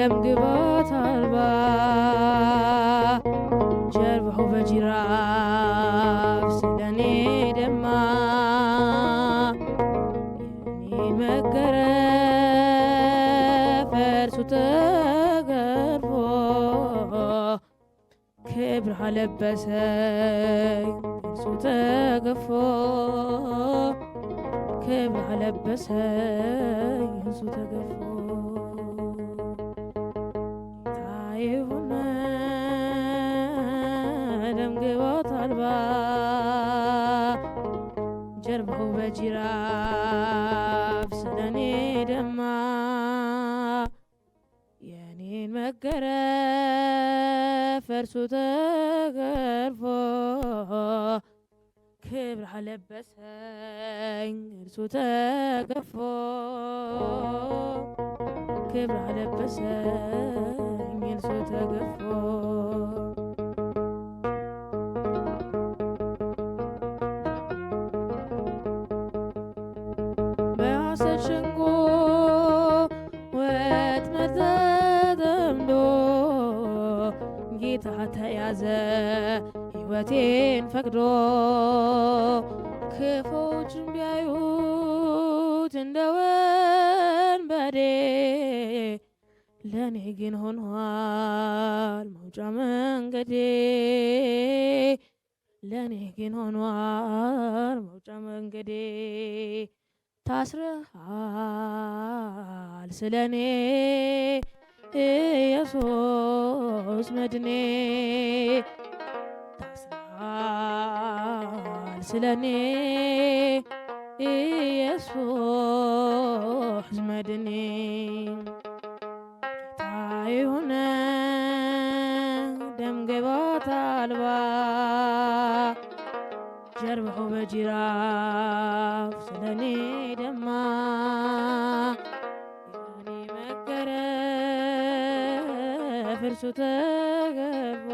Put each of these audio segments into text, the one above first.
ደም ግባት አልባ ጀርባሁ በጅራፍ ስለኔ ደማ የኔ መገረፍ እርሱ ተገርፎ ክብር አለበሰኝ እርሱ ተገፎ ክብር አለበሰኝ እርሱ ተገፎ ይሁን ደም ግቦት አልባ ጀርባው በጅራፍ ስለኔ ደማ የኔን መገረፍ እርሱ ተገርፎ ክብር አለበሰኝ እርሱ ተገፎ ክብር አለበሰኝ በመልሱ ተገፎ በሐሰት ሸንጎ ወጥመድ ተጠምዶ ጌታ ተያዘ ሕይወቴን ፈቅዶ ክፉዎችም ቢያዩት እንደ ወንበዴ ለኔ ግን ሆኗል መውጫ መንገዴ ለኔ ግን ሆኗል መውጫ መንገዴ ታስረሃል ስለኔ ኢየሱስ መድኔ ታስረሃል ስለኔ ኢየሱስ መድኔ ይሁን ደምግባት አልባ ጀርባው በጅራፍ ስለኔ ደማ ያኔ መገረፍ እርሱ ተገቦ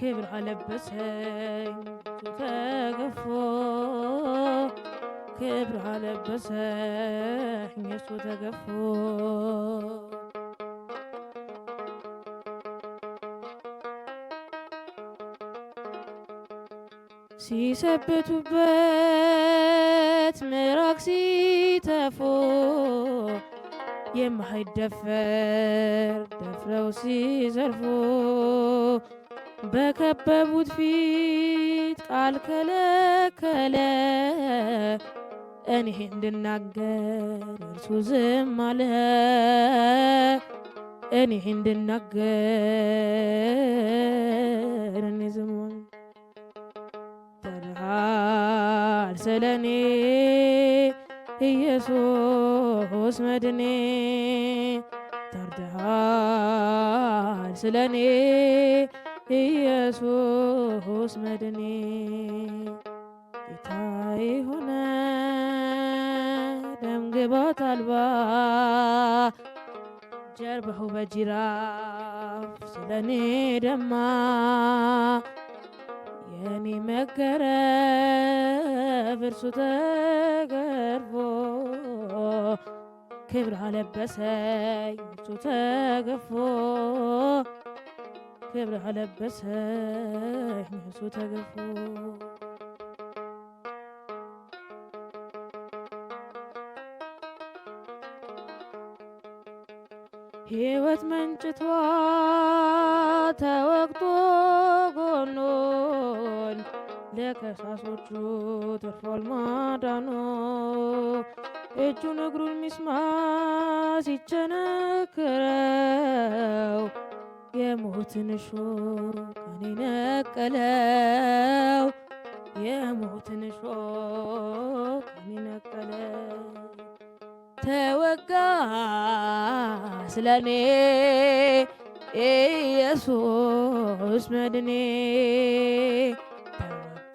ክብር አለበሰኝ ተገፎ ክብር አለበሰኝ እርሱ ተገፎ ሲሰብቱበት ምራቅ ሲተፉ የማይደፈር ደፍረው ሲዘርፉ በከበቡት ፊት ቃል ከለከለ እኔ እንድናገር እርሱ ዝም አለ። እኔ እንድናገር እኔ ዝም ሆኗል ስለኔ ኢየሱስ መድኔ ታርደሃል ስለኔ ኢየሱስ መድኔ ጌታዬ ሆነ ደም ግባት አልባ ጀርባሁ በጅራፍ ስለኔ ደማ በእኔ መገረብ እርሱ ተገርፎ ክብር አለበሰኝ እርሱ ተገፎ ክብር አለበሰኝ እርሱ ተገፎ ሕይወት መንጭቷ ተወቅጦ ጎኖን ለከሳሶቹ ትርፏል ማዳኖ እጁን እግሩን ሚስማር ሲቸነክረው የሞትን ሾህ ከኔ ነቀለው የሞትን ሾህ ከኔ ነቀለው ተወጋ ስለኔ ኢየሱስ መድኔ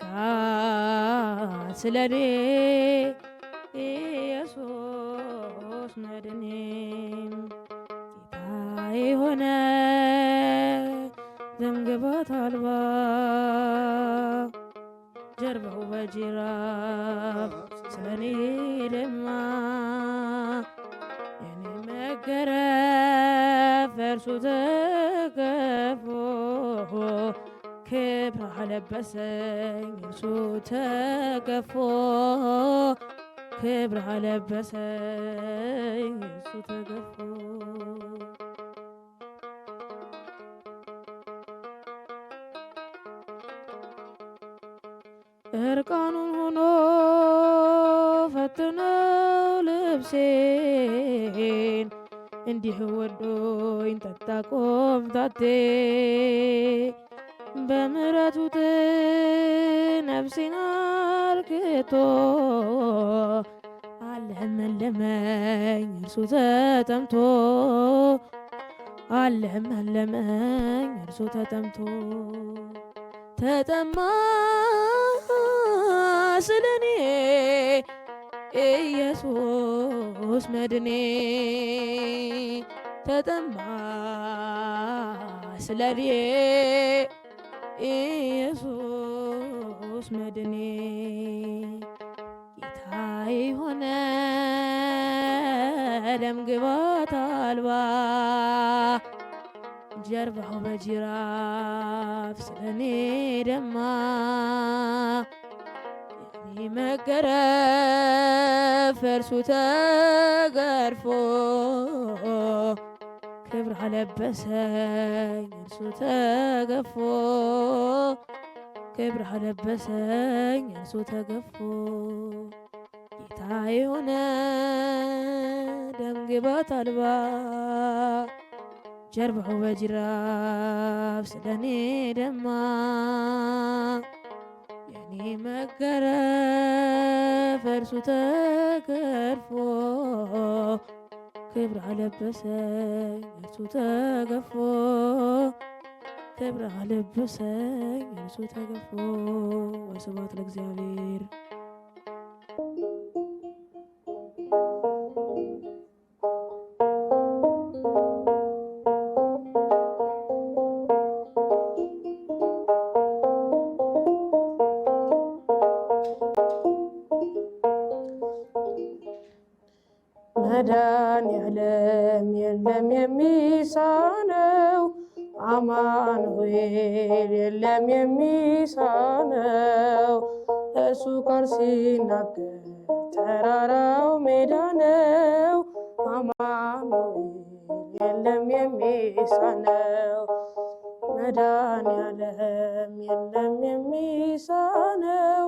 ተወጋ ስለኔ ኢየሱስ መድኔ ጌታ የሆነ ዘምግባት አልባ ጀርባው በጅራፍ ስለኔ ደማ ተዘከረ ፈርሱ ተገፎ ክብር አለበሰኝ እርሱ ተገፎ ክብር አለበሰኝ እርሱ ተገፎ እርቃኑን ሆኖ ፈትነው ልብሴን እንዲህ ወዶኝ ጠጣ ቆምጣጤ በምሕረቱ ነፍሴን አርክቶ አለመለመኝ እርሱ ተጠምቶ አለመለመኝ እርሱ ተጠምቶ ተጠማ ስለኔ ኢየሱስ መድኔ ተጠማ ስለኔ ኢየሱስ መድኔ ጌታ የሆነ ደም ግባት አልባ ጀርባው በጅራፍ ስለኔ ደማ የኔ ፈርሱ ተገርፎ ክብር አለበሰኝ እርሱ ተገፎ ክብር አለበሰኝ እርሱ ተገፎ ጌታ የሆነ ደም ግባት አልባ ጀርባው በጅራፍ ስለኔ ደማ ይህ መገረፍ እርሱ ተገርፎ ክብር አለበሰኝ እርሱ ተገፎ ክብር አለበሰኝ እርሱ ተገፎ። ወስብሐት ለእግዚአብሔር። የለም የሚሳነው እሱ ጋር ሲናገር ተራራው ሜዳ ነው። አማኑኤል የለም የሚሳነው መድኃኒዓለም የለም የሚሳነው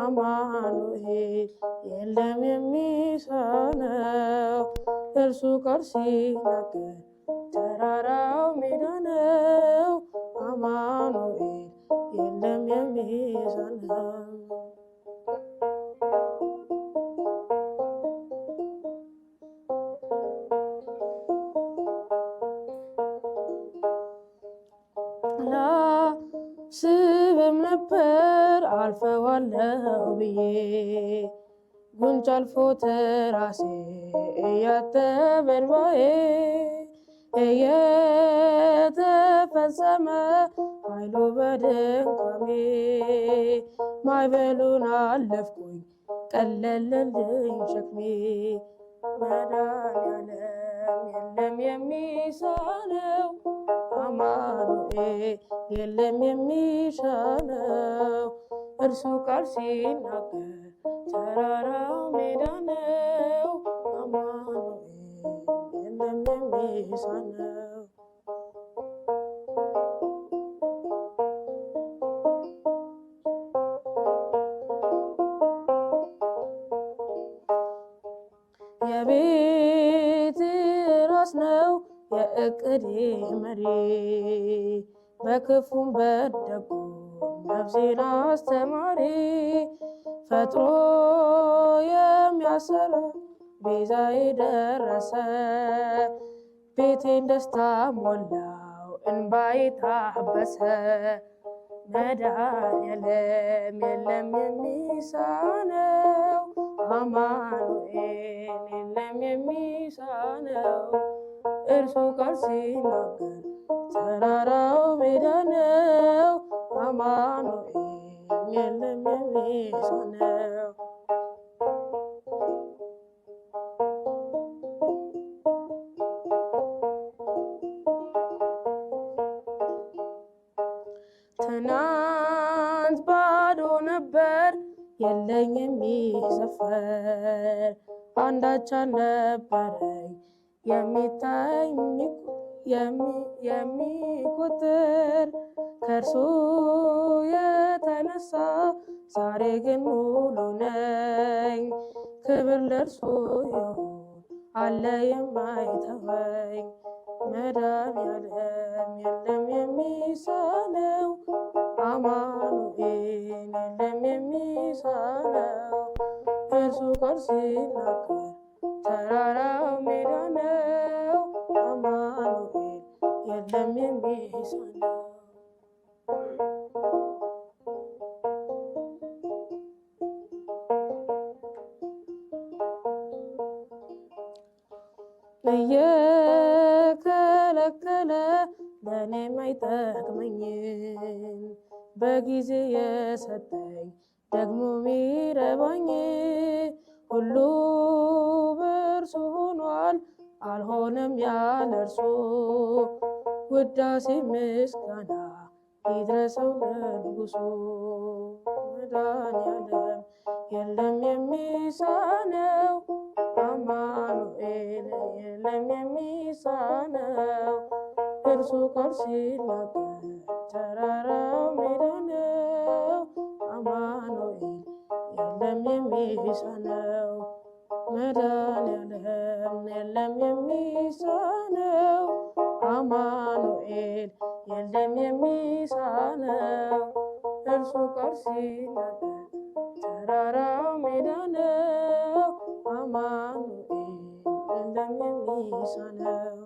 አማኑኤል የለም የሚሳነው እርሱ ጋር ሲናገር ተራራው ሜዳ አማኑኤል የለም የሚዘንጋ ስብም ነበር አልፈዋለው ብዬ ጉንጭ አልፎ ተራሴ እያተበልባዬ እየተፈጸመ ኃይሉ በድካሜ ማይበሉን አለፍኩኝ ቀለለልኝ ሸክሜ መድኃኒዓለም የለም የሚሳነው አማኑኤል የለም የሚሻለው እርሱ ቃል ሲናገር ተራራው ሜዳ ነው። days I know. የቤት ራስ ነው የእቅዴ መሪ በክፉም በደጉ ነፍሴን አስተማሪ ፈጥሮ የሚያሰራ ቤዛዬ ደረሰ። ቤቴን ደስታ ሞላው እንባዬ ታበሰ። መድኃኒዓለም የለም የሚሳነው አማኑኤል የለም የሚሳነው እርሱ ቃል ሲናገር ተራራው ሜዳ ነው። አማኑኤል የለም የሚሳነው የለኝ የሚሰፈር አንዳቻ ነበረኝ የሚታይ የሚቆጥር ከእርሱ የተነሳ ዛሬ ግን ሙሉ ነኝ። ክብር ለእርሱ ይሁን አለ የማይተወኝ መዳን ያለም የለም የሚሳነው አማኑኤል የለም የሚሳነው እርሱ ቃል ሲናገር ተራራው ሜዳ ነው። አማኑኤል የለም የሚሳነው እየ የማይጠቅመኝን በጊዜ የሰጠኝ ደግሞ ሚረባኝ ሁሉ በእርሱ ሆኗል፣ አልሆነም ያለ እርሱ። ውዳሴ ምስጋና ይድረሰው ለንጉሱ መድኃኔዓለም የለም የሚሳነው so consila tarara mirane amano i lemme misane madane ne lemme misane amano i lemme misane er so consila tarara mirane amano i lemme misane